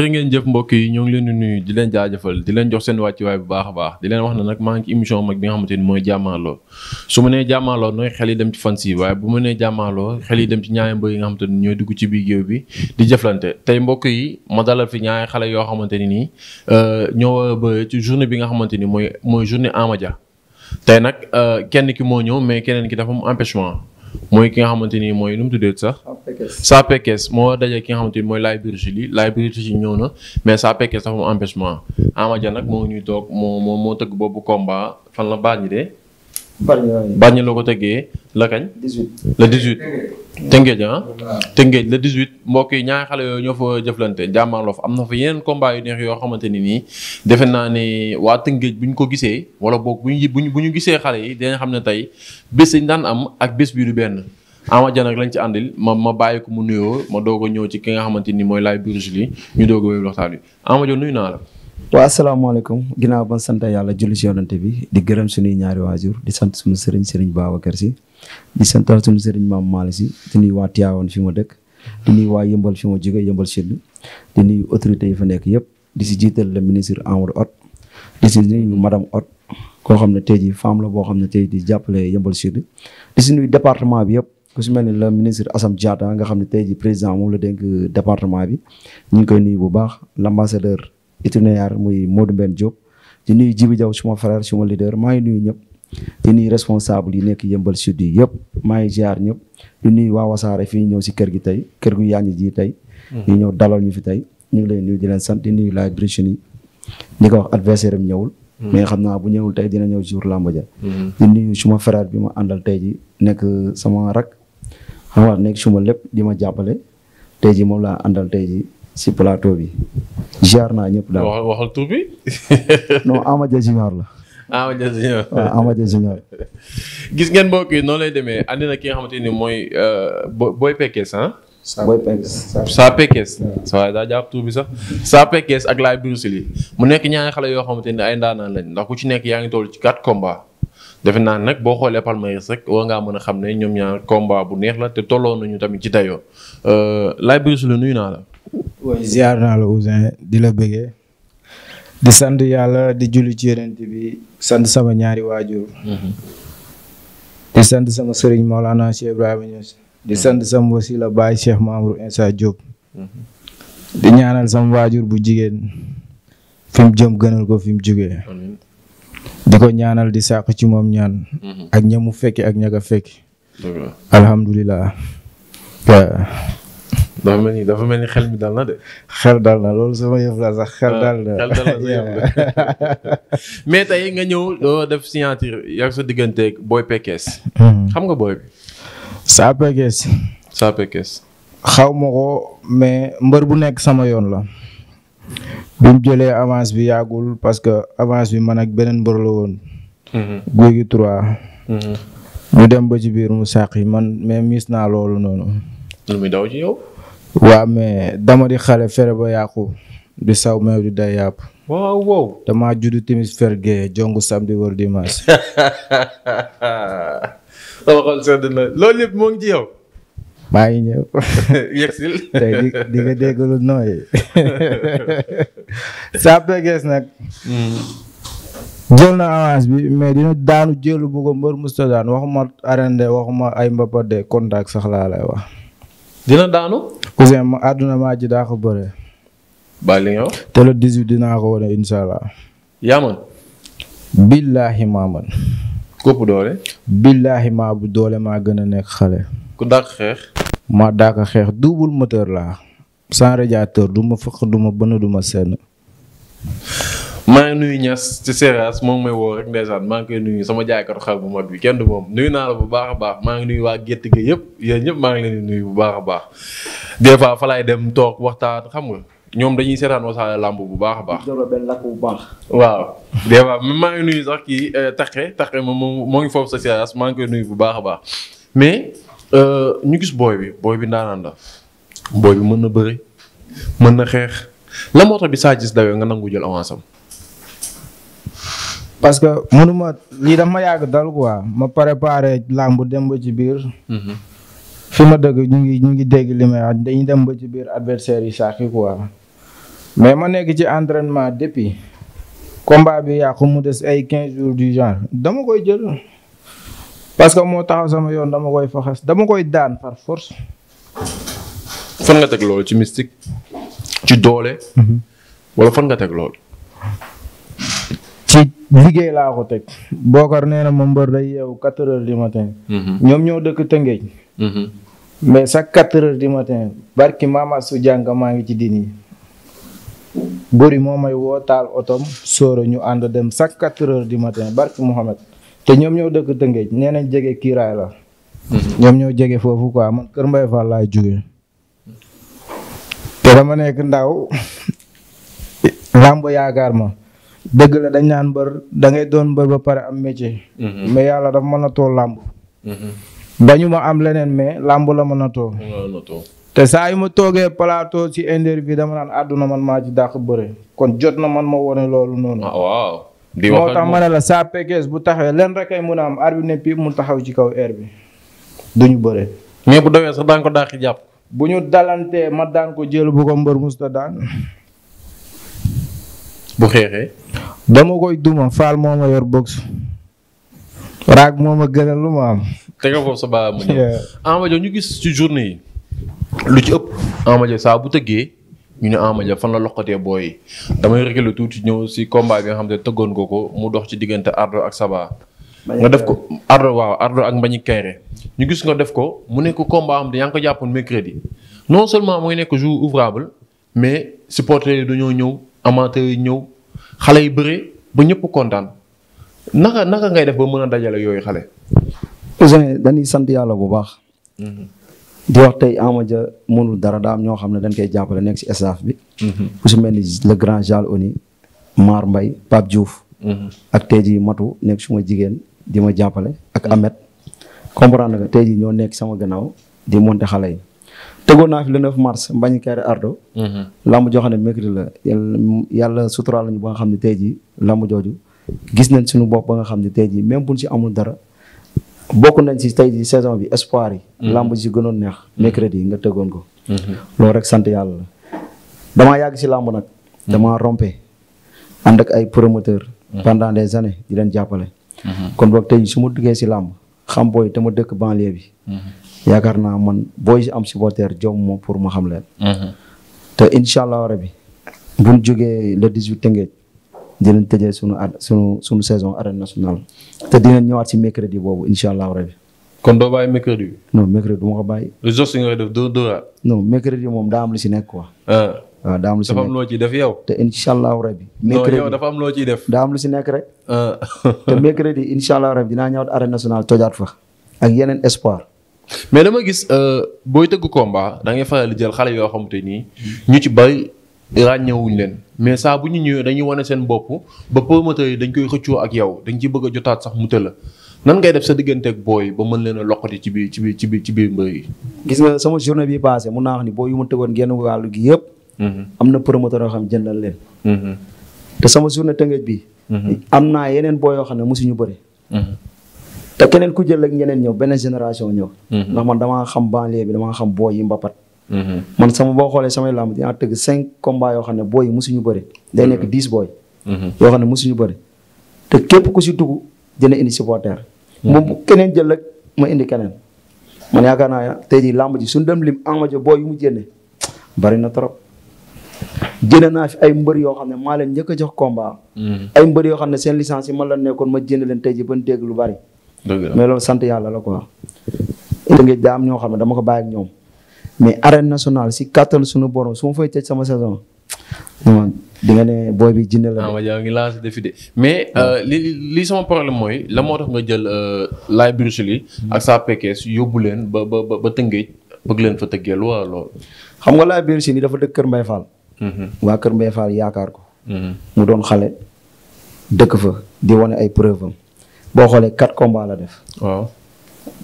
jërë ngeen jëf mbokk yi ñoo ngi leen di nuyu di leen jaajëfal di leen jox seen wàccuwaay bu baax a baax di leen wax ne nag maa ngi ci émission mag bi nga xamante mooy jàmmaarloo su ma nee nooy xel yi dem ci fans yi waaye bu ma nee jàmmaarloo xel yi dem ci ñaari mbër yi nga xamante ni ñooy dugg ci biir géew bi di jëflante tey mbokk yi ma dalal fi ñaari xale yoo xamante ni nii euh, ñoo war a ci journée bi nga xamante ni mooy mooy journée Ama Dia tey nag euh, kenn ki moo ñëw mais keneen ki dafa am empêchement mooy ki nga xamante ni mooy nu mu tuddee sax. saa Pekes moo daje ki nga xamante ni mooy Laye Birgili Laye Birgili ñëw na mais saa Pekes dafa am empêchement Ama nag moo ñuy toog moo moo moo tëgg boobu combat fan la baañ de. Bargny la ko tëggee la kañ. 18 le 18. Tëngéej ah. Tëngéej le 18 mbokk yi ñaari xale yooyu ñoo fa jëflante jàmmaarloo fa am na fa yeneen combat yu neex yoo xamante ni nii defe naa ne waa Tëngéej bu ñu ko gisee wala boog bu ñu bu ñu gisee xale yi dinañ xam ne tey bés yi daan am ak bés biiru benn. Ama Dia lañ ci àndil ma ma bàyyi ko mu nuyoo ma doog ñëw ci ki nga xamante ni mooy Laye Bruce Lee ñu doog a wéyal waxtaan wi nuyu naa la. waaw asalaamaaleykum ginnaaw ban sant yàlla julli si yonante bi di gërëm suñuy ñaari waajur di sant suñu sëriñ sëriñ Babacar si di santal suñu sëriñ maam Malick si di nuyu waa Tivaouane fi ma dëkk di nuyu waa yëmbal fi ma jóge yëmbal sud di nuyu yi fa nekk yëpp di si jiital le ministre Amadou Hott di si nuyu madame Hott koo xam ne tey jii femme la xam ne tey di jàppale yëmbal sud di si nuyu département bi yëpp ku si mel ni le ministre Assam Diatta nga xam ne tey jii président moom la dénk département bi ñu ngi koy nuyu bu baax l'ambassadeur itinéraire muy Modou benn Diop di nuyu Jibi Jaw suma frère suma leader maa ngi nuyu ñëpp di nuyu responsable yi nekk yëmbal sud yi yëpp maa ngi ziar ñëpp di nuyu waa wasaare fii ñëw si kër gi tey kër gu yaañu ji tey mhm. ñu ñëw dalal ñu fi tey ñu ngi lay di leen sant di nuyu laaj brichune di ko wax adversaire am ñëwul mhm. mais xam naa bu ñëwul tey dina ñëw jour làmb ja mhm. di nuyu suma frère bi ma àndal tey ji nekk sama rak xam nekk suma lépp di ma jàppale tey ji moom laa àndal tey ji ci plateau bi jaar naa ñëpp daal. waxal waxal tur bi. non Amadia Junior la. Amadia Junior waaw Amadia gis ngeen mbokk yi noonu lay demee andi na ki nga xamante ni mooy euh, booy Pekes ah. Boy Pekes Saa Pekes waaye daa jàpp tur bi sax Saa Pekes ak Laye Bruce Lee mu nekk ñaari xale yoo xamante ni ay ndaanaan lañ ndax ku ci nekk yaa ngi toll ci quatre komba defe naa nag boo xoolee palmarès rek war ngaa mën a xam ne ñoom ñaar combat bu neex la te tolloo nañu tamit ci dayoo euh, Laye Bruce Lee nuyu naa la. waaye ziar naa la Ouzin di la bëggee di sant yàlla di julli ci yonent bi sant sama ñaari waajur mhm. di sant sama sëriñ Maolana Cheikh Ibrahima Niass di mhm. sant sama wasila Baye Cheikh Mamour Insa Diop mhm. di ñaanal sama waajur bu jigéen fi mu jëm gënal ko fi mu jógee di ko ñaanal di sàq ci moom ñaan ak ña mu ak ña ka fekki dafa mel ni dafa mel ni xel mi dal na de. xel dal na loolu sama yëf la sax xel ah, dal na. mais tey nga ñëw doo def signature yàgg sa digganteeg Boy Pekes. Mhm. xam nga booy bi. Saa xaw ma ko mais mbër bu nekk sama yoon la. bi mu jëlee avance bi yàggul parce que avance bi man ak beneen mbër la woon. Mhm. guy gi trois. ñu mhm. dem ba ci biir mu sàq yi man mais miis naa loolu noonu. lu muy daw ci yow. waa mais dama di xale fere ba yàqu di saw meew di day yàpp. waaw waaw. damaa juddu timis fer gee jongu samedi wala dimanche. sama xol yëpp moo ngi yow. maa ngi ñëw. yegsil di nga dégg nooy. saa pegees nag. Hmm. jël na avance bi mais dina daanu jëlu bu ko musta daan waxuma arende waxuma ay mbapat de contact sax laa lay wax. dina daanu. Ousseyn ma àdduna maa ji daa ko bëre. te le 18 dinaa ko wane incha allah. billaahi maa kopp doole. billaahi maa bu doole maa gën a nekk xale. ku dàq xeex. maa dàq xeex double moteur laa. sans radiateur du ma fëq du ma bënn senn. maa ngi nuyu Niass ci Seras moom may woo rek ndeysaan maa ngi koy nuyu sama jaaykatu xar bu mag bi kenn du moom nuyu naa la bu baax a baax maa ngi nuyu waa gétt gi yëpp yéen ñëpp maa ngi leen di nuyu bu baax a baax des fois fa laay dem toog waxtaan xam nga ñoom dañuy seetaan Wassare Lamb bu baax a bu baax. waaw des fois maa ngi nuyu sax kii euh, Taxe Taxe moom moo ngi foofu sa Seras maa ngi koy nuyu bu baax a baax mais euh, ñu gis booy bi booy bi ndaanaan la booy bi mën na bëri mën na xeex la moo bi saa gis dawee nga nangu jël avance parce que mënuma lii daf ma yàgg dal quoi ma préparé làmb dem ba ci biir. Mhm. fi ma dëgg ñu ngi ñu ngi dégg li dañu dem ba ci biir adversaire yi saaki quoi mais ma nekk ci entraînement depuis combat bi yàqu mu des ay quinze jours du genre dama koy jël parce que moo taxaw sama yoon dama koy faxas dama koy daan par force. fan nga teg loolu ci mystique ci doole. Mhm. wala fan nga teg loolu. ci liggéey laa ko boo bookar nee na ma mbër day yeewu quatre heures du matin mhm. ñoom ñoo dëkk Tëngéej mhm. mais chaque quatre heures du matin barki maama su jàng maa ngi ci dini bëri moo may woo taal otom sóora ñu ànd dem chaque quatre heures du matin barki Mouhamed te ñoom ñoo dëkk Tëngéej nee jege kiiraay la mhm. ñoom ñoo jege foofu quoi man Kër Mbaye Fall laay jógee te dama yaakaar ma dëgg la dañ naan mbër da ngay doon mbër ba pare am métier. Mhm. mais yàlla dafa mën a too làmb. dañu mhm. ma am leneen mais làmb la mën a too. te saa yu ma toogee plateau ci interview dama naan àdduna man maa ci dàq bëre kon jot na man ma wane loolu noonu. Ah, waaw moo tax ma ne la saa pekees bu taxawee leen rek ay mun a am aar bi ne mu taxaw ci kaw air bi duñu bëre. mais bu dawee sax daan ko dàq jàpp. bu ñu dalantee ma daan ko jël bu ko mbër musta daan. bu xeexee. dama koy duma faal moo ma yor box raag moo ma gënal ma am. te nga foofu sa baa ma ñëw. Ama ñu gis ci journée yi lu ci ëpp Ama Dia saa bu tëggee ñu ne Ama Dia fan la loqatee booy yi damay reculer tuuti ñëw si combat bi nga xam ne tëggoon ko ko mu dox ci diggante Ardo ak Saba. nga def ko Ardo waaw Ardo ak mbañ Kayre ñu gis nga def ko mu nekk combat am yaa ngi ko jàppoon mercredi non seulement mooy nekk jour ouvrable mais supporters yi dañoo ñëw amateurs yi ñëw. xale yi bëre ba ñëpp kontaan naka naka ngay def ba mën a dajale yooyu xale. Ouzin dañuy sant yàlla bu baax. Mhm. di wax tey Ama Dia mënul dara daa am ñoo xam ne dañ koy jàppale nekk ci staff bi. Mhm. ku si mel ni le grand Jal Oni Mar Mbay Pape Diouf. Mhm. ak tey jii Matu nekk suma jigéen di ma jàppale ak Amet comprendre nga tey jii ñoo nekk sama gannaaw di monter xale yi. tegoon naa fi le 9 mars Mbagne Kairé Ardo. Mhm. làmb joo xam ne mercredi la yàlla yàlla suturaal nañu ba nga xam ne tey jii làmb jooju gis nañ suñu bopp ba nga xam ne tey jii même buñ si amul dara bokk nañ si tey jii saison bi espoir yi. Mhm. làmb ji si gënoon neex. Mhm. mercredi yi nga tegoon ko. loolu rek sant yàlla la dama yàgg si làmb nag. dama rompe ànd ak ay promoteur pendant des années di leen jàppale. kon boog tey su ma duggee si làmb xam booy te ma dëkk banlieue bi. yaakaar naa man booy am supporter jom moo pour ma xam leen. Mhm. te incha allah rabi bu ñu jógee le 18 tëngeej dinañ tëjee sunu sunu sunu saison arène nationale te dinañ ñëwaat si mercredi boobu incha allah rabi. kon doo bàyyi mercredi bi. non mercredi du ma ko bàyyi. lu jos nga def doo dooraat. non moom daa am lu si nekk quoi. Ah. daa am lu si nekk loo ciy def yow. te incha allah rabi. mercredi non yow dafa loo ciy def. daa lu si nekk rek. Ah. te mercredi incha allah rabi dinaa ñëwaat arène nationale tojaat fa. ak yeneen espoir. mais dama gis euh, booy tëgg combat da ngay faral di jël xale yoo xamante nii ñu ci bari ràññewuñ leen mais saa bu ñu ñëwee dañuy wane seen bopp ba promoteur yi dañ koy xëccoo ak yow dañ ci bëgg jotaat sax mu tëla nan ngay def sa digganteeg booy ba mën leen a loqati ci biir ci biir ci biir ci biir mbër yi. gis nga sama journée bi passé mun naa wax ni booy yu ma tëggoon genn wàllu gi yëpp. Mhm. am na promoteur yoo xam jëndal leen. Mhm. te sama journée tëngëj bi. Mhm. am naa yeneen booy yoo xam ne mosuñu bëri. te keneen ku jël ak ñeneen ñëw benn génération ñëw. Mm-hmm. ndax man damaa xam banlieue bi damaa xam booy yi mbapat. Mm-hmm. man sama boo xoolee samay làmb dinaa tëgg cinq combats yoo xam ne booy yi mosuñu bëri. day nekk mm-hmm. diis booy. yoo xam ne mosuñu bëri. te képp ku si dugg dina indi supporter. moom bu keneen jël ak ma indi keneen. man yaakaar naa tey ji làmb ji suñ dem lim Ama Dia booy yu mu jëndee bari na trop. jënd naa fi ay mbër yoo xam ne maa leen njëkk jox combat. ay mbër yoo xam ne seen licence yi man la nekkoon ma jënd leen tey ji ba dégg lu bari. mais loolu sant yàlla la ko quoi. da nga jaam ñoo xam ne dama ko bàyyi ak ñoom mais arène nationale si kàttan suñu borom su ma fay tëj sama saison. di nga ne booy bi jinne la. ma ah, jaa ngi lancé mais euh, li li sama problème mooy la moo tax nga jël euh, laay Bruce Lee ak sa Pekes yóbbu leen ba ba ba Tëngéej bëgg leen fa tëggee lu war lool. xam nga laay Bruce Lee dafa dëkk Kër Mbaye Fall. Mm-hmm. waa Kër Mbaye Fall yaakaar ko. Mm-hmm. mu doon xale dëkk fa di wane ay preuve am. boo xoolee quatre combats la def. waaw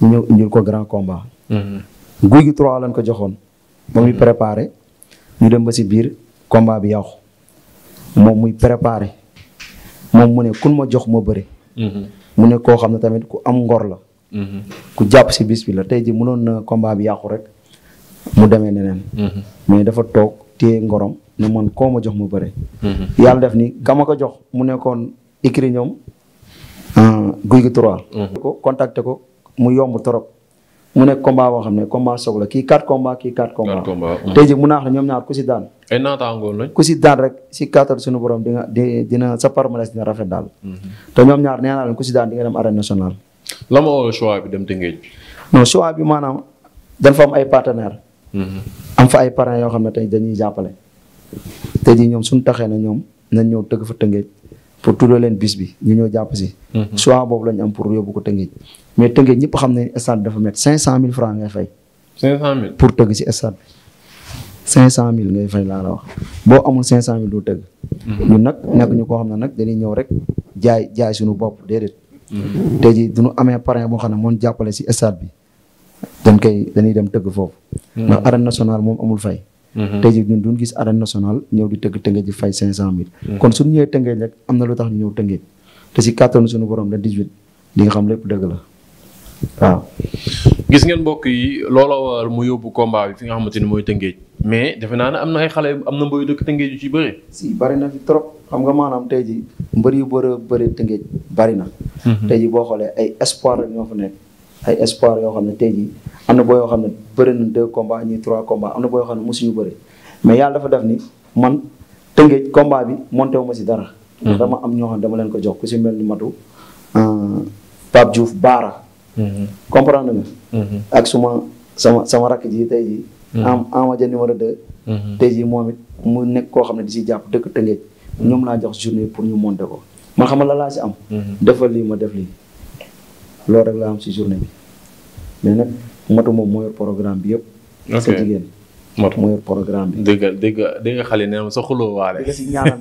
ñëw indil ko grand combat. Mm-hmm. guy gi trois lañ ko joxoon. moom muy mm-hmm. préparé ñu dem ba si biir combat bi yàqu moom muy préparé moom mu ne kun ma jox ma bëri. Mm-hmm. mu ne koo xam ne tamit ku am ngor la. ku jàpp si bis bi la tey ji mënoon na combat bi yàqu rek mu demee neneen. mais dafa toog téye ngorom ne man koo ma jox ma bëri. yàlla def ni ka ma ko jox mu nekkoon ikri ñoom. guy gi trois. Mhm. ko contacté ko mu yomb trop. mu nekk combat boo xam ne combat soog la kii quatre combat kii quatre combat. Mhm. tey jii mun naa wax ne ñoom ñaar ku si daan. ay naataangoon lañ. ku si daan rek si kàttan suñu borom di nga di dina sa palmarès dina rafet daal. Mhm. te ñoom ñaar nee naa ku si daan di dem arène nationale. la ma bi dem Tëngéej. bi maanaam suñu taxee na ñoom nañ ñëw tëgg fa Tëngéej. pour tuddee leen bis bi ñu ñëw jàpp si. soit mhm. boobu la ñu am pour yóbbu ko Tëngéej mais Tëngéej ñëpp xam ne stade dafa métti 500000 francs ngay fay. 500000 pour tëgg si stade bi. 500000 ngay fay laa la wax boo amul 500000 doo tëgg. Mhm. ñun nag nekk ñu koo xam ne nag dañuy ñëw rek jaay jaay suñu bopp déedéet. Mhm. te jii du nu amee parrain boo xam ne moom jàppale si stade bi dan koy dañuy dem tëgg foofu. ndax arène nationale moom amul fay. Mhm. tey jii ñun duñ gis arène nationale ñëw di tëgg tëngee ji fay cinq cent mille mhm. kon su ñëwee tëngee rek am na lu tax ñëw tëngee te si kàttanu suñu borom la 18 li nga xam lépp dëgg la waaw gis ngeen mbokk yi looloo waral mu yóbbu combat bi fi nga xamante ne mooy tëngéej mais defe naa ne am na ay xale am na mbëri dëkk tëngéej yu ci bëri si na fi trop xam nga maanaam tey ji mbari yu bëri bëri tëngéej bëri na mhm. tey ji boo xoolee ay espoir rek ñoo fa nekk ay espoir yoo xam ne tey jii am na boo yoo xam ne bëri na deux combats ñuy trois combats am na boo yoo xam ne mosuñu bëri mais yàlla dafa def ni man tëngeej combat bi monté wu ma si dara. dama am ñoo xam ne dama leen ko jox ku si mel ni matu euh, Pape Diouf Baara. Mm-hmm. comprendre nga. Mm-hmm. suma sama sama rakk ji tey jii. Mm-hmm. am Amadia numéro 2. tey moom it mu nekk koo xam ne di si jàpp dëkk tëngeej. ñoom laa jox journée pour ñu monté ko man xam nga la laa si am. defal lii ma def lii loolu rek laa am si journée bi. mais nag moto moom moo programme bi yëpp. ok sa jigéen. moto moo programme bi. dégg nga dégg dégg nga xale nee na sa xuloo waale. di nga si ñaanal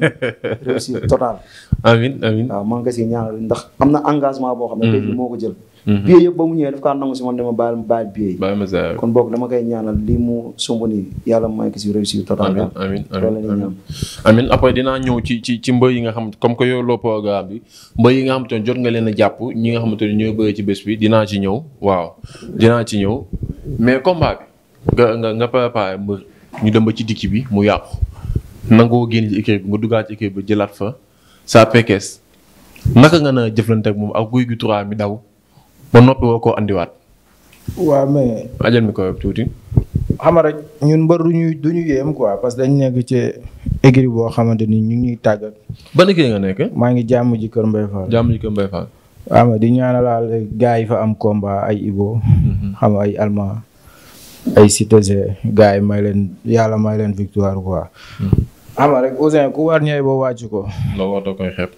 réussite totale. amiin amiin waaw maa ngi si ñaanal ndax am na engagement boo xam ne. Mm-hmm. tey jii moo ko jël. Mhm. billet yëpp ba mu ñëwee daf kaa nangu si man dama baal baal billet yi kon boog dama koy ñaanal lii mu sumb nii yàlla may ko si réussir total amin amin amin dinaa ñëw ci ci ci mbër yi nga xam comme que yow loo programme bi mbër yi nga xamante ne jot nga leen jàpp ñi xamante ne ñooy bëri ci bés bi dinaa ci ñëw waaw dinaa ci ñëw mais combat nga nga nga préparé ñu dem ba ci dikki bi mu yàqu nangoo génn ci équipe bi ci équipe bi jëlaat fa saa pekkees naka nga na jëflante moom ak guy gu turaa mi daw ba noppi woo koo andiwaat. waaw mais. ajal mi ko tuuti. xam rek ñun mbër du ñuy du ñu yéem quoi parce que dañ nekk ci écurie boo xamante ni ñu ngi tàggat. ba écurie nga nekk. maa ngi jàmm ji kër Mbaye Fall. jàmm ji kër Mbaye Fall. xam di ñaanalaal gars yi fa am combat ay Ibo. Mhm. xam nga ay Alma ay Cité gars yi may leen yàlla may leen victoire quoi. Mhm. xam nga rek Ouzin ku war ñëwee boo wàcc ko. loo war koy xeeb.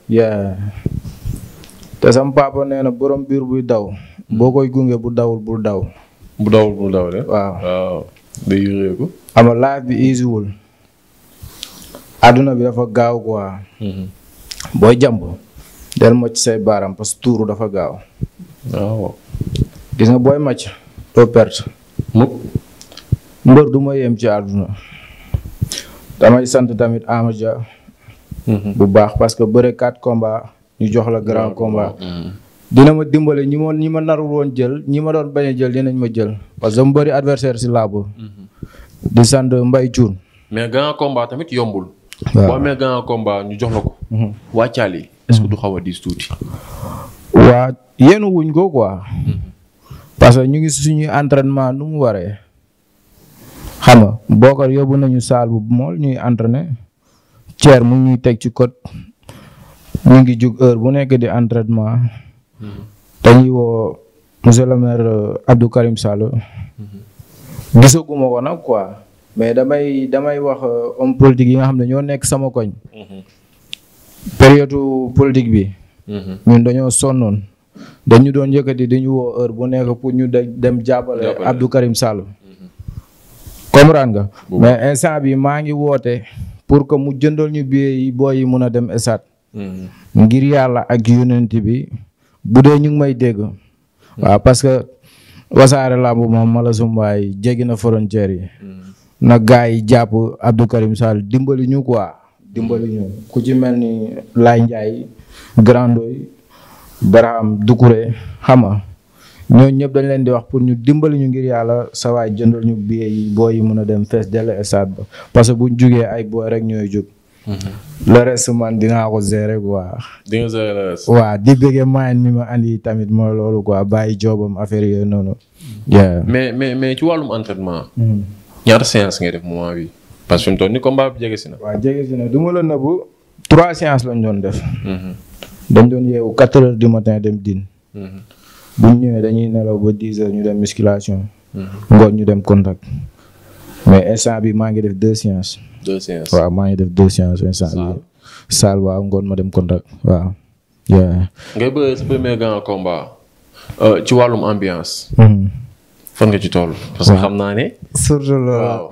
te sam papa nee na borom biir buy daw boo koy gunge bu dawul bul daw. bu dawul bul daw de. waaw waaw day yëreeku. xam nga laaj bi easiwul àdduna bi dafa gaaw quoi. Mm-hmm. booy jàmb. del mocc say baaram parce que tuuru dafa gaaw. waaw. gis nga booy màcc doo perte. mu. mbër du ma yem ci àdduna. damay sant tamit Ama Dia mm-hmm. bu baax parce que bëre quatre combats. ñu jox la grand combat. dina ma dimbale ñi ma ñi ma narul woon jël ñi ma doon baña a jël dinañ ma jël parce que mu bëri adversaire si làmb. Mhm. di sant Mbaye Thioune. mais grand combat tamit yombul. waaw boo ñu jox la ko. Mhm. waa Thiali est du xaw a diis tuuti. waa yéen wuñ ko quoi. Mhm. parce que ñu ngi suñuy entraînement nu mu waree. xam nga boo ko yóbbu nañu saal bu mool ñuy entraîné. Thier mu ñuy teg ci code ñu ngi jug heure bu nekk di entraînement dañuy woo monsieur le maire euh, Abdou Karim Sall gisaguma ko nag quoi mais damay damay wax euh, homme politique yi nga xam ne ñoo nekk sama koñ période politique bi ñun dañoo sonnoon dañu doon yëkkati dañu woo heure bu nekk pour ñu dem jàppale Abdou Karim Sall mhm. comprendre nga mais instant bi maa ngi woote pour que mu jëndal ñu billet booy yi mun a dem esat ngir yàlla ak yonent bi bu dee ñu ngi may dégg. waaw parce que wasaare làmb moom mala sumbaay jéggi na frontière yi. na gars yi jàpp Abdou Karim Sall dimbali ñu quoi dimbali ñu ku ci mel ni Laye Ndiaye Grandoy Barham Doucouré xam nga ñooñu dañ leen di wax pour ñu dimbali ñu ngir yàlla sa waay jëndal ñu billet yi booy yi mun a dem fees dell stade ba parce que buñ ay booy rek ñooy jóg. Mm-hmm. le reste man dinaa ko gérer quoi. di nga gérer le reste. waaw di bëggee moyen mi ma andi tamit mooy loolu quoi bàyyi joobam affaire yooyu noonu. mais mais mais ci wàllum entraînement. Mm-hmm. ñaata séance ngay def moment bi parce que fi mu toll nii combat bi jege si na. waaw jege si na du ma la nëbbu. trois séances lañ doon def. Mm-hmm. dañ doon yeewu quatre heures du matin dem din bu ñu ñëwee dañuy nelaw ba heures ñu dem musculation. ngoon ñu dem contact. mais instant bi maa ngi def deux séances. deux maa ngi def deux séances saal waaw ngoon ma dem contact waaw. ngay bëre sa premier grand combat euh, ci wàllum ambiance. Hmm. fan nga ci tool parce que xam naa ne. surtout loolu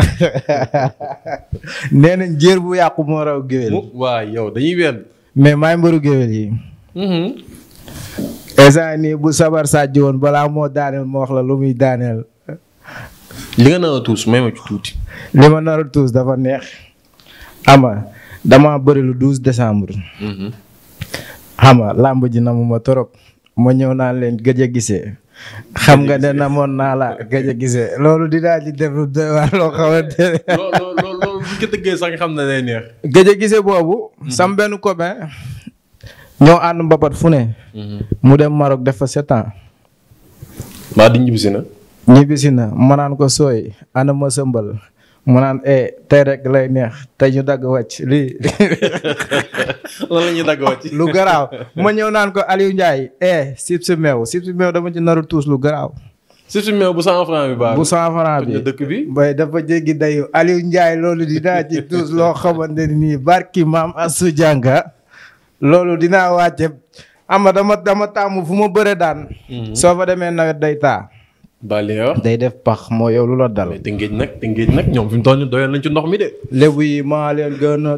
bu yàqu moo raw géwél. waaw yow dañuy wenn mais maay mbaru géwél yi. instant mm-hmm. nii bu sabar sàjji woon balaa moo daaneel ma wax la lu muy daaneel. li nga nar a tuus ma ci tuuti. li ma nar a dafa neex. ama dama bëri lu 12 décembre. Mhm. xama làmb ji namuma torop ma ñëw naa leen gëj a gisee. xam nga ne namoon naa la gëj a gisee loolu di ci def lu doy loo xamante loolu loolu bu ko xam na day neex. gëj a gise boobu. Mhm. sam benn copain. ñoo ànd mbapat fu ne. Mhm. mu dem Maroc def fa sept ans. mbaa di ñibbisi na. ñibbisi na ma naan ko sooy ana ma sëmbal mu naan eh tey rek lay neex te ñu dagg wàcc lii. wala lu garaaw ma ñëw naan ko Aliou Ndiaye eh sib si meew sib meew dama ci naru tuus lu garaaw. sib bu cent franc bi baax dëkk bi. bay dafa jéggi dayu Aliou Ndiaye loolu dinaa ci tuus loo xamante barki maam Assou loolu dina wàcce ama dama taamu fu ma bëre daan. Mhm. soo fa demee nawet day taa. Baléor day def pax moo yow lu la dal. mais Tëngéej nag Tëngéej nag ñoom fi mu nii doyoon nañ ci ndox mi de. lébu yi maa leen gën a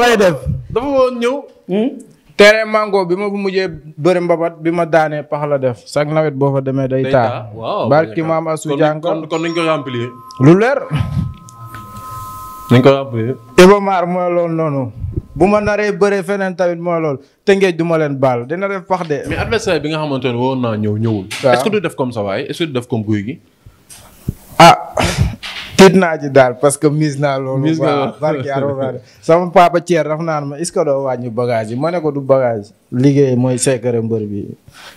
lay def. dafa woon ñëw. Hmm? terrain mango bi ma mujjee bëri mbabat bi ma daanee pax la def chaque nawet boo fa demee day. taa waaw barki maam asu ko lu leer. nañ ko remplir. mooy loolu noonu. bu ma naree bëree feneen tamit mooy loolu tëngeej du ma leen baal dina def wax de. mais adversaire bi nga xamante ne woon naa ñëw ñëwul. est-ce du def comme ça waaye est du def comme guy gi. ah tiit naa ji daal parce que mise naa loolu. mise naa loolu sama papa Thier daf naan ma est-ce que doo wàññi bagage yi ma ne ko du bagage. liggéey mooy seekare mbër bi.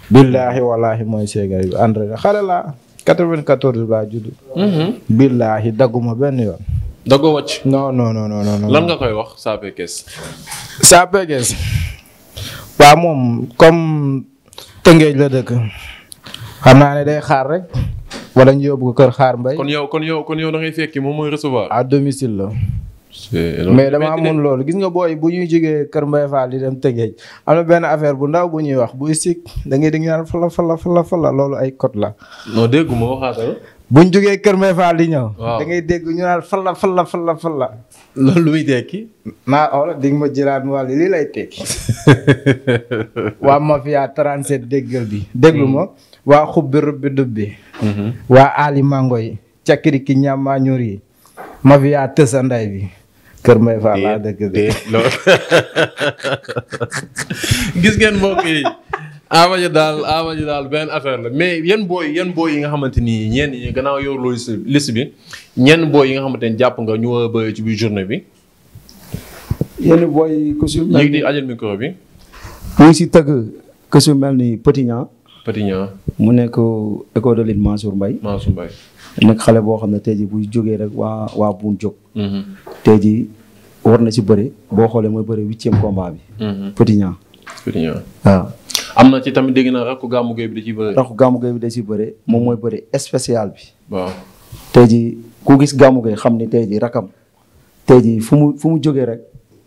billaahi walaahi mooy seekare bi André xale laa 94 laa judd. Mhm. billaahi dagguma benn yoon. da ko wàcc. non non lan nga koy wax Sa Pekes. Sa Pekes waaw moom comme Tëngéej la dëkk xam naa ne day xaar rek wala ñu yóbbu ko kër xaar mbay. kon yow kon yow kon yow da fekki moom mooy recevoir. à domicile la. mais dama amoon loolu gis nga booy bu ñuy jógee Kër Mbaye di dem Tëngéej am na benn affaire bu ndaw bu ñuy wax bu istik dangay ngay dégg naan fala fala fala loolu ay code la. non déggu bu ñu jógee Kër Mbaye di ñëw. da ngay dégg ñu naan fala fala fala fala. loolu lu muy tekki. naa wala oh, di ma jëlaat wàll lii lay tekki. waa mafia bi déglu ma. Mm-hmm. waa xubbi rubbi dubbi. Mm-hmm. waa Ali Mango yi. cakiri ki ñaama ñur yi. mafia tësa nday bi. kër Mbaye Fall laa dëkk de gis ngeen mbokk yi daal Ama Dia daal benn affaire la mais yan booy yan booy yi nga xamante ni ñenn ñi gannaaw yor loolu si bi ñenn booy yi nga xamante ni jàpp nga ñu war ci biir journée bi. yenn booy yi ku si mel di ajal ni Petit Niang. mu nekk école de Mansour Mbaye. Mansour nekk xale boo xam ne tey ji buy jógee rek waa waa buun jóg. Mm-hmm. tey jii war na ci bëri boo xoolee mooy bëri huitième combat bi. Mm-hmm. Petit Niang. Petit am na ci tamit dégg naa rakku gàmmu gay bi da ci bëre. rakku gàmmu bi da ciy bëre moom mooy bëri spécial bi. waaw tey jii ku gis gàmmu gay xam ni tey jii rakam tey ji fu mu fu mu jógee rek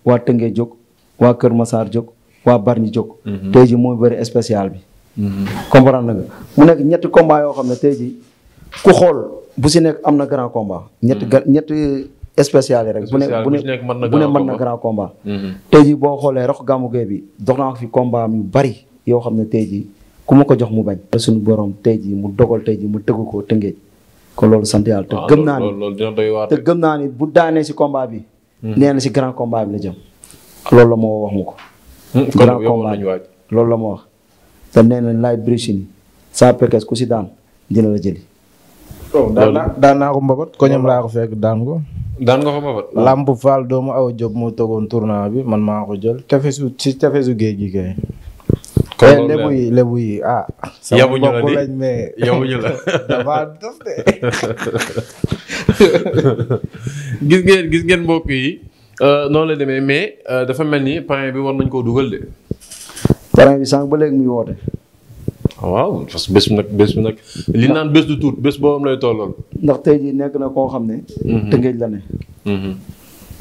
waa Tëngee jóg waa Kër Massar jóg waa Bargny jóg. Mm-hmm. tey jii mooy bëri spécial bi. comprendre nga mu nekk ñetti combat yoo xam ne tey jii ku xool bu si nekk am na grand combat. ñett mm-hmm. ga rek. bu ne bu ne bu ne mën na grand combat. Mm-hmm. tey jii boo xoolee Rock Gamou bi dox naa fi combat am bari yoo xam ne tey jii ku ma ko jox mu bañ. te suñu borom tey jii mu dogal tey ji mu tëggu ko tëngéej ko loolu sant yàlla te gëm naa ni te gëm naa ni bu daanee si combat bi. Mm-hmm. nee na si grand combat bi la jëm. loolu la moo wax mu ko. grand combat loolu la ma wax. te nee na laay brichini saa pekes ku si daan dina la jëli. oh daan naa ko mbabat ko laa ko fekk daan ko. daan nga ko mbabat. Lamp Fall doomu aw Diop moo toogoon tournoi bi man maa ko jël tefesu ci tefesu géej gi kay. kon eh, lébu yi lébu yi ah. yabuñu la lañ mais yabuñu la dafa dof de. gis ngeen gis ngeen mbokk yi euh, noonu la demee mais euh, dafa mel ni parrain bi war nañ koo dugal de. parrain bi sànq ba léegi muy woote. waaw parce que bés bi nag bés bi nag. li naan bés du tuut bés boobu lay tolloon. ndax tey jii nekk na koo xam ne. Mhm. Tëngéej la ne. Mhm.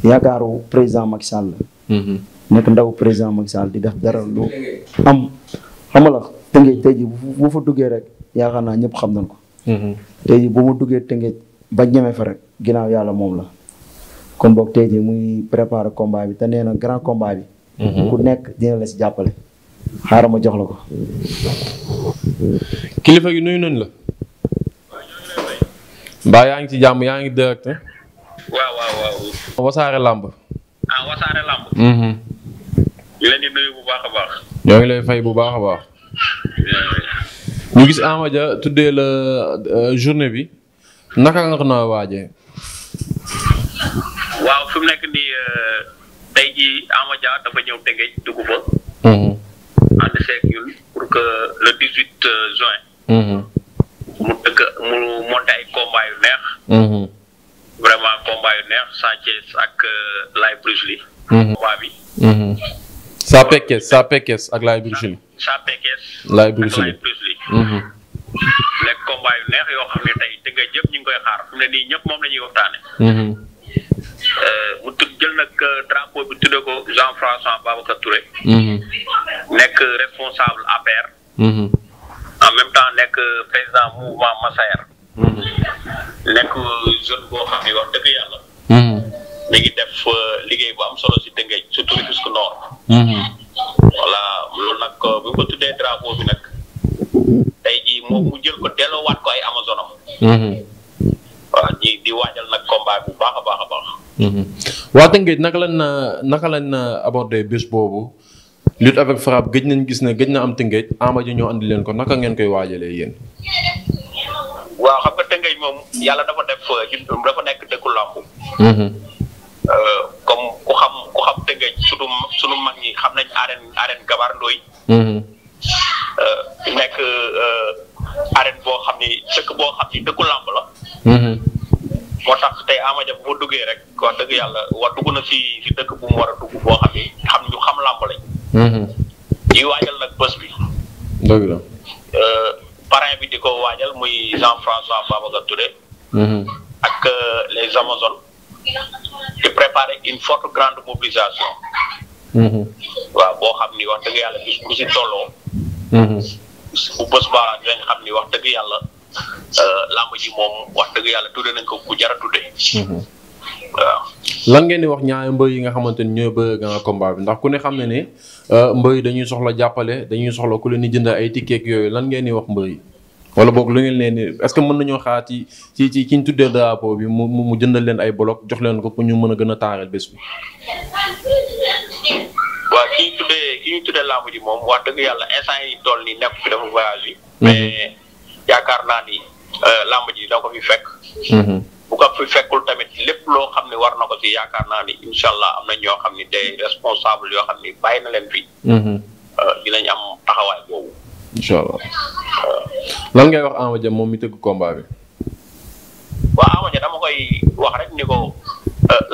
yaakaaru président Macky Sall la. Mhm. nekk ndaw président Macky Sall di def dara lu am xam la Tëngéej tey jii bu fa duggee rek yaakaar naa ñëpp xam nañ ko. tey jii bu ma duggee Tëngéej ba ñeme fa rek ginnaaw yàlla moom la kon boog tey jii muy préparer combat bi te nee na grand combat bi. ku nekk dina la si jàppale. xaaral ma jox la ko. kilifa gi nuyu nañ la. mbaa yaa ngi ci jàmm yaa ngi direct. waaw waaw waaw. wasaare làmb. ah wasaare làmb. Mm-hmm. ñu leen di nuyu bu baax a baax. ñoo ngi lay fay bu baax a baax. ñu gis Ama Dia tuddee la euh, journée bi naka nga naa waajee. waaw fi nekk nii euh, tey jii Ama dafa ñëw tënkee dugg fa. Mm-hmm. ànd seeg ñun. pour que le 18 euh, juin. Mm-hmm. mu dëkk mu monté ay combat yu neex. Mm-hmm. vraiment combat yu neex Sa Thiès ak euh, Laye Bruce Lee. Mm-hmm. combat Sa Pekes Sa Pekes ak Laye Bruce Lee. Sa Pekes. Laye Bruce Lee nekk combat yu neex yoo xam ne tey dëgg yëpp ñu ngi koy xaar fi mu ne nii ñëpp moom la ñuy waxtaane. Euh, mu tudd jël nag euh, drapeau bi tuddee ko jean ba Babacar Touré. Mhm. nekk euh, responsable APR. Mhm. en même temps nekk président mouvement Massaer. Mhm. nekk jeune boo xam ne wax dëgg yàlla. liggéey bu am solo si Tëngéej surtout Rufisque Nord. voilà loolu nag bu ñu tuddee drapeau bi nag tey jii moom mu jël ko delloowaat ko ay amazonam. waaw ñi di waajal nag combat bu baax a baax a baax. Mhm. waa Tëngéej naka lañ na naka lañ na abordé bés boobu lutte avec frappe gëj nañ gis ne gëj na am Tëngéej Ama Dia ñoo andi leen ko naka ngeen koy waajale yéen. waaw xam nga Tëngéej moom yàlla dafa def euh, dafa nekk dëkku làmb. Mhm. Euh, comme ku xam ku xam Tëngéej mag ñi xam nañ arène gabar ndooy. Mhm. Euh, nekk arène boo xam ni dëkku làmb la. moo tax tey Ama bo bu duggee rek wax dëgg yàlla wa dugg na si dëkk bu mu war a dugg boo xam ni xam ñu xam làmb lañ. ñuy mm-hmm. waajal nag bés bi. dëgg la. Euh, bi di ko waajal muy Jean-François Babacar Touré. Mm-hmm. ak euh, les Amazones. di préparer une forte grande mobilisation. Mm-hmm. waaw boo xam ni wax dëgg yàlla bis bu si tolloo. bu bés baax dinañ xam ni wax dëgg yàlla. Euh, làmb ji moom wax dëgg yàlla tudde nañ ko ku jar a mhm. lan ngeen di wax ñaari mbër yi nga xamante ni ñooy bëre grand combat bi ndax ku ne xam ne ne euh, mbër yi dañuy soxla jàppale dañuy soxla ku leen di jënd ay ticket yooyu lan ngeen di wax mbër yi. wala boog lu ngeen leen est-ce que mën nañoo xaar ci ci ci ci ñu tuddee drapeau bi mu mu jëndal leen ay bloc jox leen ko pour ñu mën a gën a taaral bés bi. waaw ki ñu tuddee ki ñu tuddee làmb ji moom yaakaar naa ni euh, làmb ji dina ko fi fekk. Mm-hmm. bu fi fekkul tamit lépp loo xam ne war na ko ci yaakaar naa ni incha allah am na ñoo xam ne day responsable yoo xam ni bàyyi na leen fi. Mm-hmm. Euh, dinañ am taxawaay boobu. incha allah euh. lan wax Ama bi. waaw Ama Dia dama koy wax rek ni ko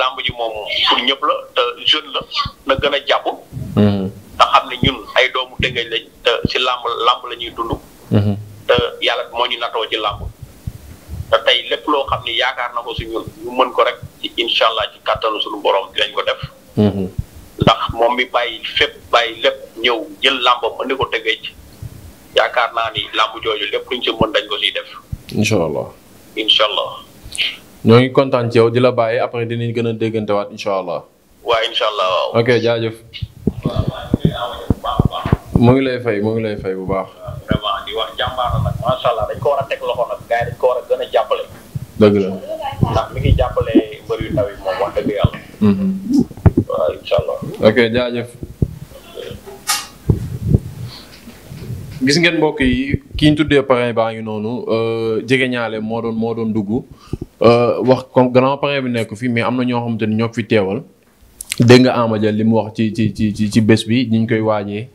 làmb ji moom pour ñëpp la te la na gën a jàpp. Mm-hmm. te xam ne ñun ay doomu dëngëj lañ te si làmb làmb la ñuy dund. ci làmb te tey lépp loo xam ni yaakaar na ko si ñun mën ko rek ci incha allah ci kàttanu suñu borom dinañ ko def. Mm-hmm. ndax moom bi bàyyi fépp bàyyi lépp ñëw jël làmb mën ni ko tegee yaakaar naa ni làmb jooju lépp luñ si mën dañ ko siy def. incha allah incha allah. ñoo ngi kontaan ci yow di la bàyyi après dinañ gën a déggantewaat incha allah. waaw incha allah waaw. ok jaajëf. mu ngi lay fay mu ngi lay fay bu baax. vraiment di allah dañ ko war a teg loxo nag gars yi ko war a gën a jàppale. dëgg la ndax mi ngi jàppale mbër yu ndaw moom wax dëgg yàlla. Mhm. ok jaajëf. gis ngeen mbokk yi ki tuddee parrain baa ngi noonu euh, jege ñaale moo doon moo doon dugg euh, wax comme grand parrain bi nekk fii mais am na ñoo xamante ni ñoo fi teewal dégg nga Ama Dia li mu wax ci ci ci ci bés bi ñu koy waajee.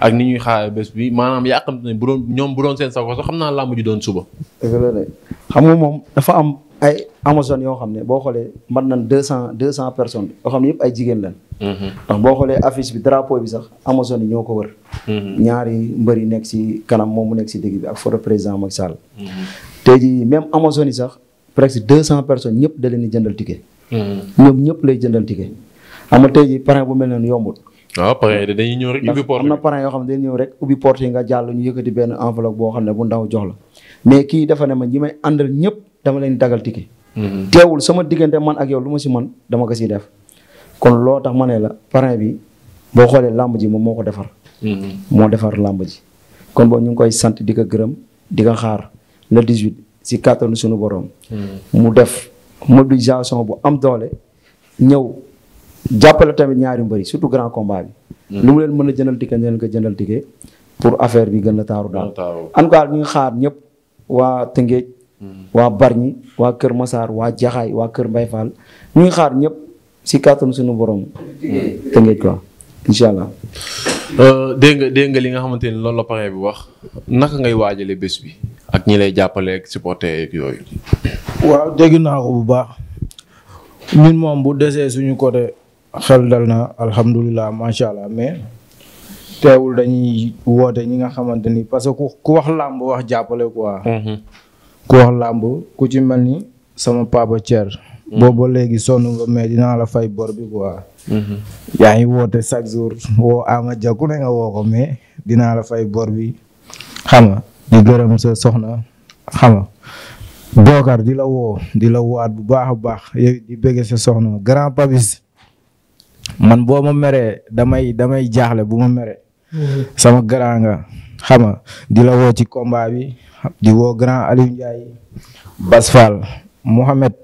ak ni ñuy xaar bés bi maanaam yàqam ne bu doon ñoom bu doon seen sago sax xam naa làmb ji doon suba. dëgg xam nga moom dafa am ay amazone yoo xam ne boo xoolee mën nañ deux cent deux cent personnes yoo xam ne yëpp ay jigéen la mm-hmm. ndax boo xoolee affiche bi drapeau bi sax amazone yi ñoo ko wër. Mm-hmm. ñaari mbër yi nekk si kanam moom mu nekk si digg bi ak foro président Macky saal mm-hmm. tey jii même amazone yi sax presque deux cent personnes ñëpp da leen di jëndal ticket. ñoom ñëpp lay jëndal ticket. xam nga tey jii parrain bu mel noonu yombul. waaw ah, parrain yi dañuy ñëw rek ubbi porte am na parrain yoo xam ne dañuy ñëw rek ubbi porte yi nga jàll ñu yëkkati benn enveloppe boo xam ne bu ndaw jox la mais kii dafa ne ma ñi may àndal ñëpp dama leen dagal ticket. Mm-hmm. teewul sama diggante man ak yow lu ma si man dama ko si def kon loo tax ma ne la parrain bi boo xoolee làmb ji moom moo ko defar. Mm-hmm. moo defar làmb ji kon boo ñu ngi koy sant di ko gërëm di ko xaar le 18 si kàttanu suñu borom. Mm-hmm. mu def mobilisation bu am doole ñëw. jàppale tamit ñaari mbëri surtout grand combat bi. Hmm. lu mu leen mën a jëndal ticket ñu leen ko jëndal ticket pour affaire bi gën a taaru daal. en tout cas ñu xaar ñëpp waa Tëngéej. Hmm. waa Bargny waa Kër Massar waa Jaxaay waa Kër Mbay Fall ñu ngi xaar ñëpp si kàttan suñu borom. Hmm. Tëngéej ko incha allah. Euh, dégg nga dégg nga li nga xamante ni loolu la pare bi wax naka ngay waajalee bés bi ak ñi lay jàppale ak supporter yooyu. waaw dégg naa ko bu baax ñun moom bu desee suñu côté. xel dal na alhamdulilah macha allah mais teewul dañuy woote ñi nga xamante ni parce que ku wax làmb wax jàppale quoi. Mhm. ku wax làmb ku ci mel ni sama papa Thier. Mhm. boobu léegi sonn nga mais dinaa la fay bor bi mhm. yaa ngi woote chaque jour woo Ama woo mais dinaa bor bi nga di gërëm sa soxna xam nga Bokar di la woo di la waat bu baax a baax yow di bëgg sa soxna grand papis man boo ma meree damay damay jaaxle bu ma meree. sama grand nga xam nga di la woo ci combat bi di woo grand Aliou Ndiaye Bas Mohamed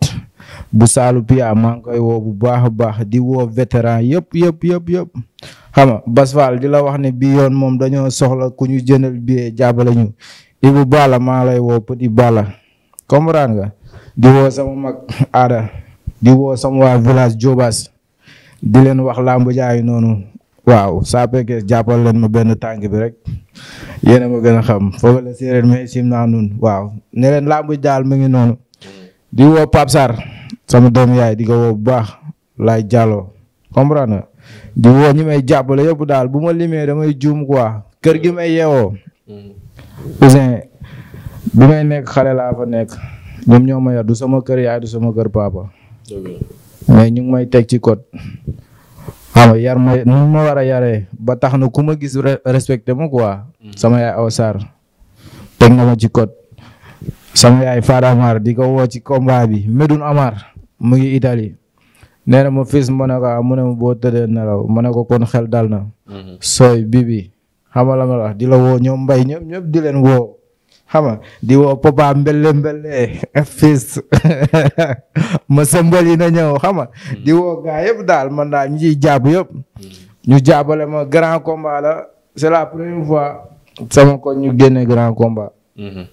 bu Saalu Pia maa ngi koy woo bu baax a baax di woo vétéran yëpp yëpp yëpp yëpp xam nga di la wax ne bii moom dañoo soxla ku ñu jëndal billet jàppale ñu Ibou Balla maa lay woo Petit Balla comprendre di woo sama mag aada di woo sama waa village Diobass di leen wax làmb jaayu noonu waaw saa pekkee jàppal leen ma benn tànk bi rek yéen a ma gën a xam foofu la séeréer mais sim naa nun waaw ne leen làmb jaal mu ngi noonu di woo Pape Sarr sama doom yaay di ko woo bu baax laay jàlloo comprendre na di woo ñi may jàppale yëpp daal bu ma limee damay juum quoi kër gi may yeewoo Ouzin bi may nekk xale laa fa nekk ñoom ñoo ma yar du sama kër yaay du sama kër papa mais ñu ngi may teg ci code xam nga yar ma nu ma war a yaree ba tax na ku ma gis respecté ma quoi. Mm. sama yaay aw Sarr teg na ma ci code sama yaay Fara Amar di ko woo ci combat bi Medoune Amar mu ngi Italie nee na ma fils mu ne ko ah, mu ne ma boo tëddee nelaw ma ne ko kon xel dal na. Mm-hmm. sooy bibi xamal di la woo ñoom mbay ñëpp ñëpp di leen woo. xam nga di woo Papa Mbelle Mbelle fils ma sëmbali na ñëw xam hmm. di woo gaa yëpp daal man daal ñu ciy jàpp yëpp hmm. ñu jàppale ma grand combat la c'est la première fois sama ko ñu génne grand combat hmm.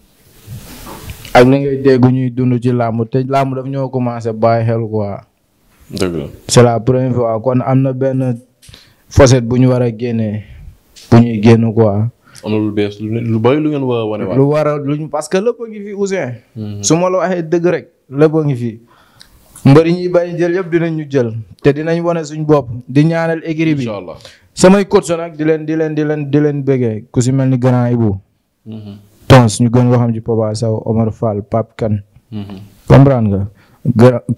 ak li ngay dégg ñuy dund ci làmb te làmb daf ñoo commencé bàyyi xel quoi c'est la première fois kon am na benn facette bu ñu war a génnee bu génn am na lu bees lu bëri lu ngeen war a wane lu war a luñu parce que lépp a ngi fi Ouzin. Mhm. su ma la waxee dëgg rek lépp ngi fi. mbëri ñuy bàyyi jël yëpp dinañ ñu jël te dinañu wane suñ bopp di ñaanal écurie bi incha allah samay coach nag di leen di leen di leen di leen bëggee ku si mel ni grand Ibou. Mhm. tons ñu gën ko xam ci Papa Sow Omar Fall kan Kane. Mhm. nga.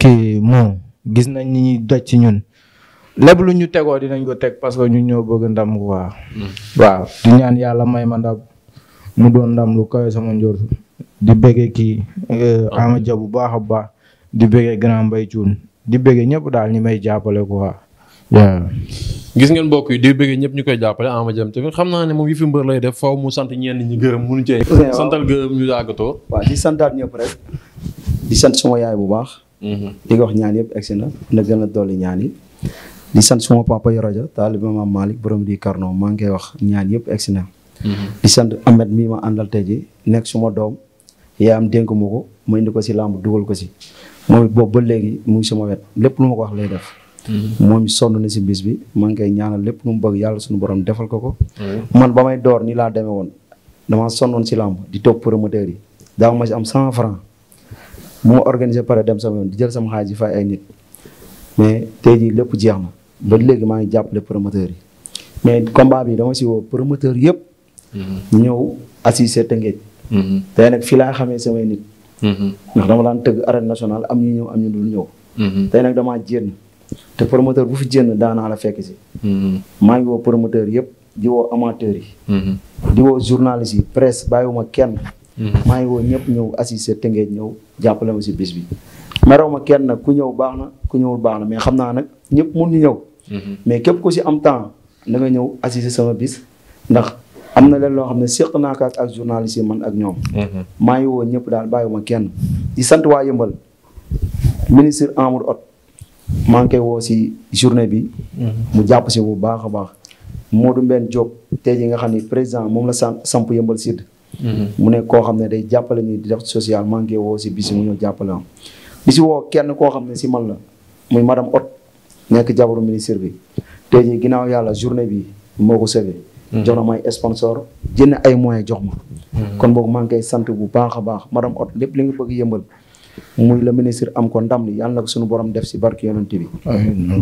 kii moom gis nañ ni ñuy daj ci ñun. lépp lu ñu tegoo dinañ ko teg parce que ñun ñoo bëgg ndam waaw. Mm. waaw di ñaan yàlla may ma ndam mu doon ndam lu kawe sama njóor di bëggee kii eh, ah. Ama Dia bu baax a baax di bëggee Grand Mbaye Thioune di bëggee ñëpp daal ñi may jàppale quoi. gis ngeen mbokk yi di bëggee ñëpp ñu koy jàppale Ama Dia tamit xam naa ne moom yi fi mbër lay def faw mu sant ñenn ñi gërëm mënu cee. santal gërëm ñu yàggatoo. waaw di santaat ñëpp rek di sant sama yaay bu baax. Mm-hmm. di nga wax ñaan yëpp egg si na na gën a dolli ñaan yi di sant suma papa Yoroja taaliba maam Malick borom di Carnot maa ngi koy wax ñaan yëpp egg si na mm-hmm. sant Ahmed mii ma àndal tey ji nekk suma doom yaa am dénk ko ma indi ko si làmb dugal ko si moom it boobu ba léegi mu sama wet lépp lu ma ko wax lay def. Mm-hmm. moom it na si bis bi maa ngi koy ñaanal lépp lu mu bëgg yàlla suñu borom defal ko ko. Mm-hmm. man ba may door ni laa demee woon damaa sonnoon si làmb di topp promoteur yi daaw ma si am 100 francs bu ma organisé pare dem sama yoon di jël sama xaaji yi fay ay nit mais tey jii lépp jeex na. ba léegi maa ngi jàppale promoteur yi mais combat bi dama si woo promoteur yëpp. Mm-hmm. ñëw assister Tëngéej. Mm-hmm. tey nag fii laa xamee samay nit. Mm-hmm. ndax dama daan tëgg arène national am ñu ñëw am ñu dul ñëw. te nag damaa jénn te promoteur bu fi jénn daanaa la fekk si. maa ngi woo promoteur yëpp di woo amateur yi. di woo journaliste yi presse ma kenn. maa ngi woo ñëpp ñëw assister Tëngéej ñëw jàppale ma si bis bi. merew ma kenn nag ku ñëw baax na ku ñëwul baax na mais xam naa nag ñëpp mun ñu ñëw. Mm-hmm. mais képp ku si am temps da nga ñëw assister sama bis ndax am na leen loo xam ne séq naa ko ak journaliste si man ak ñoom. Mm-hmm. maa ngi woo ñëpp daal bàyyi ma kenn di sant waa Yëmbal ministre Amadou ot maa ngi koy woo si journée bi. Mm-hmm. mu jàpp si bu baax a baax. Modou mbenn Diop te ji nga xam ni président moom la sant samp Yëmbal Sud. mu nekk koo xam ne day jàppale ñu di def social maa ngi koy woo si bis mu ñëw jàppale am. di woo kenn koo xam ne si man la muy madame Hott. nekk jabaru ministre bi tey jii ginnaaw yàlla journée bi moo ko sauvé. Hmm. jox na may sponsor jënd ay moyens jox ma. Hmm. kon boog maa ngi koy sant bu baax a baax madame ot lépp li nga bëgg yëmbal. muy la ministre am ko ndam li yàlla na ko suñu borom def si barke yonent bi.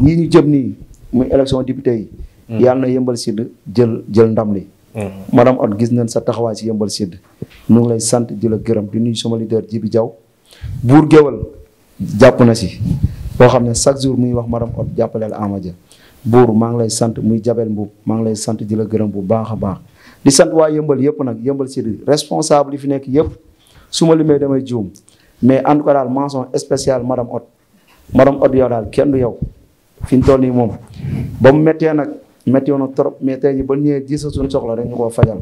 yii ñu jëm nii muy élection député yi. Hmm. yàlla na yëmbal sidd jël jël ndam li. madame Ott gis nañ sa taxawaay si yëmbal sidd ñu ngi lay sant di la gërëm di nuyu sama leader Jibi Jaw buur géwal jàpp na si. boo xam ne chaque jour muy wax madame Hott jàppaleel Ama Dia buur maa ngi lay sant muy jabel mbuub maa ngi lay sant di la gërëm bu baax a baax di sant waa yëmbal yëpp nag yëmbal si responsable yi fi nekk yëpp su ma limee damay juum mais en tout spéciale madame Hott madame Hott yow kenn du yow fi ñu toll nii moom ba mu na trop mais tey ji soxla rek ñu koo fajal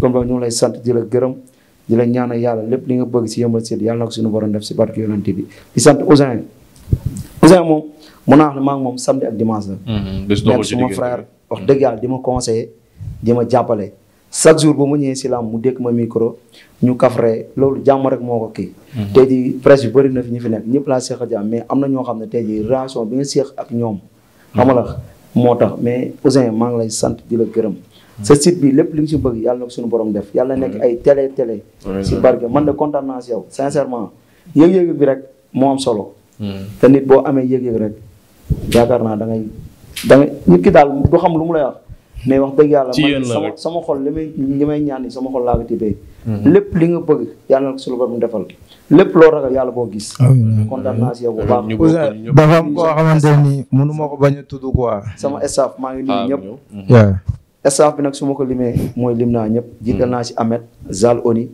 comme loolu ñu lay sant di la gërëm di la ñaanal yàlla lépp li nga bëgg si yëmbal si yàlla na ko suñu borom def si barke yonent di sant Ousin Ouzin moom mun naa wax ne maa ngi moom samedi ak dimanche la. Mm-hmm. bés doxul ci suma frère mm-hmm. wax dëgg yàlla di ma conseiller di ma jàppale. chaque jour bu ma ñëwee si làmb mu dékk ma micro ñu kafre loolu jàmm rek moo ko kii. Mm-hmm. tey jii presse bari na fi ñu fi nekk ñëpp laa seex a mais am na ñoo ne tey jii relation bi nga seex ak ñoom. xam la moo tax mais Ouzin maa ngi lay sant di la gërëm. sa site bi lépp li nga si bëgg yàlla na suñu borom def yàlla nekk ay télé télé. si barke man de kontaan naa si yow yëg-yëg bi rek moo am solo. Hmm. te nit boo amee yëg-yëg rek yaakaar naa da ngay da ngay nit daal du xam lu mu lay wax. mais wax dëgg yàlla man sama sama xol li may li may ñaan ni sama xol laa ko hmm. li nga bëgg yàlla na ko defal lépp loo ragal yàlla boo gis. kontaan naa si yow bu baax. dafa am koo xamante ni mënu ma ko bañ a tudd quoi. sama staff maa ngi nuyu ñëpp. waaw hmm. bi nag su ma ko limee mooy lim naa ñëpp. jiital naa si Ahmed Zal Oni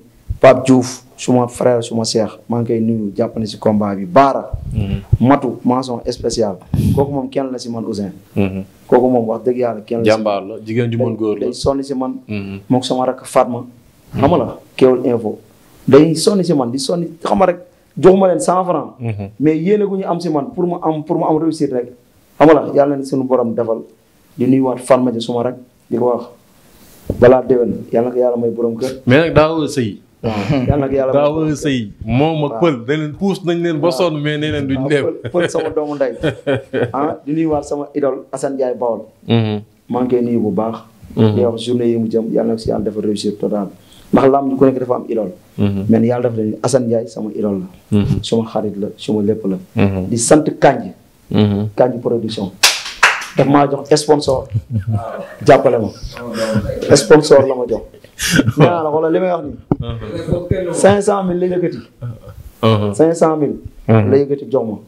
Pape Diouf. suma frère suma seex maa ngi koy nuyu jàpp na si combat bi baara. Mhm. mattu mention spéciale. kooku moom kenn la si man Ouzin. Mhm. kooku moom wax dëgg yàlla kenn la si. jigéen ju mën góor la day sonn si man. Mhm. mook sama la Kewel Info. day sonni si man di sonni xam nga rek joxuma leen cent franc. mais yéene gu ñu am si man pour ma am pour mu am réussite rek. xam nga yàlla na suñu borom defal di nuyuwaat Fatma ci suma rek di ko wax balaa déwén yàlla ko yàlla may borom kër. yal nag yàlla daa war moom ak pël dañ leen puus nañ leen ba sonn mais nee leen duñ dem pël sama doomu ndey ah di nuyuwaat sama idole Assane Ndiaye Bawol mhm. maa ngi nuyu bu baax mhm. day wax journée yi mu si yàlla ndax laam ko nekk dafa am idole mhm. mais yàlla dafa leen Assane Ndiaye sama idole la suma xarit la suma lépp la di sant Kanji Kanji production daf maa jox sponsor jàppale ma sponsor la ma jox waaw la xoolal li may wax nii. cinq cent mille la yëkkati. cinq cent mille. la yëkkati jox ma.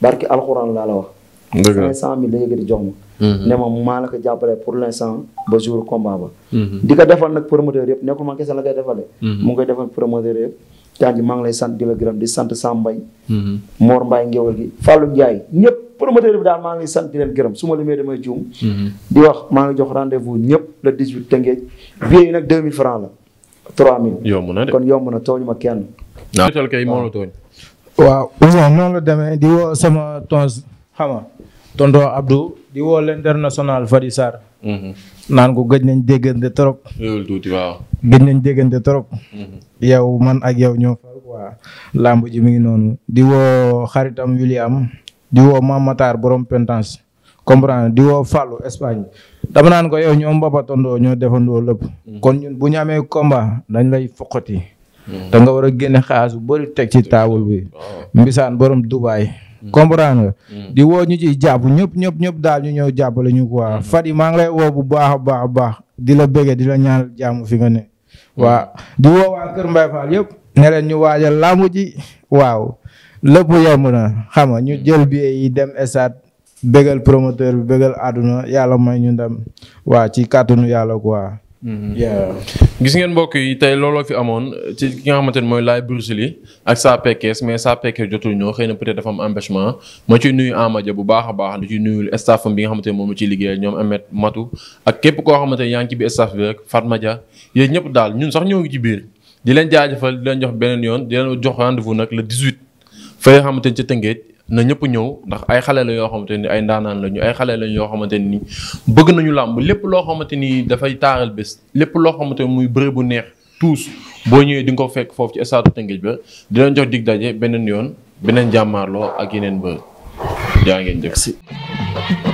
barki alxuraan laa la wax. dëgg la cinq cent mille la yëkkati jox ma. Mhm. ne ma maa la ko jàppale pour l'instant ba jour combat ba. Mhm. di ko defal nag promoteur yëpp nekkul man kese la koy defalee. Mhm. mu ngi koy defal promoteur yëpp. Tange maa ngi lay sant di la gërëm di sant Sam Mbaye. Mor Mbaye Ngéwal gi falu Ndiaye ñëpp. promoteur bi daal maa ngi sant di leen gërëm su ma limee damay juum. Mm-hmm. di wax maa ngi jox rendez vous ñëpp le 18 tëngeej. billet yi nag 2000 francs la. na de ma kenn. naa ah. tooñ kay moo la tooñ. waaw Ousmane noonu la demee di woo sama tons xam nga tonton Abdou. di woo l'international Fadi Sarr. Mm-hmm. naan ko gëj nañ déggante trop. loolu tuuti waaw. gëj nañ mm-hmm. yow man ak yow ñoo far waa làmb ji mi ngi noonu. di woo xaritam William. di woo Mamatar borom pentance comprendre di woo Fallou Espagne dama naan ko yow ñoo mbappatandoo ñoo defandoo lépp. Mm. kon ñun bu ñu amee combat dañ lay foqati. Mm. da nga war a génne xaalis bu bëri teg ci taabul bi. Mbisaan borom Dubaay. Mm. comprendre nga. di woo ñu ciy jàpp ñëpp ñëpp ñëpp daal ñu ñëw jàppale ñu ko quoi Fadi maa ngi lay woo bu baax a baax baax di la bëggee di la ñaanal jàmm fi nga ne. waa di woo waa Kër Mbaye Fall yëpp. ne leen ñu waajal laamu ji waaw. lépp yemb na xam nga ñu jël bi yi dem stade bégal promoteur bi bégal àdduna yàlla may ñu dem waa ci kàttanu yàlla quoi. Mm-hmm. gis ngeen mbokk yi tey looloo fi amoon ci mooy Laye Bruce Lee ak Sa Pekes mais Sa Pekes jotul ñoo xëy na peut-être dafa nuyu Amadia bu baax a baax di ci nuyu staff bi nga xamante ne moom la ci liggéeyal ñoom Ahmed Matu ak képp koo xamante yaa ngi ci biir staff bi rek Fatma Dia yéen ñëpp daal ñun sax ñoo ngi ci biir di leen jaajëfal di leen jox beneen yoon di leen jox rendez-vous nag le fa nga xamante ni ca Tëngéej na ñëpp ñëw ndax ay xale la yoo xamante ni ay ndaanaan lañu ay xale lañ yoo xamante ni bëgg nañu làmb lépp loo xamante ni dafay taaral bés lépp loo xamante ni muy bëre bu neex tuus boo ñëwee di nga ko fekk foofu ci stade Tëngéej ba dinañ leen jox dig daje beneen yoon beneen jàmmaarloo ak yeneen bër jaa ngeen jëf si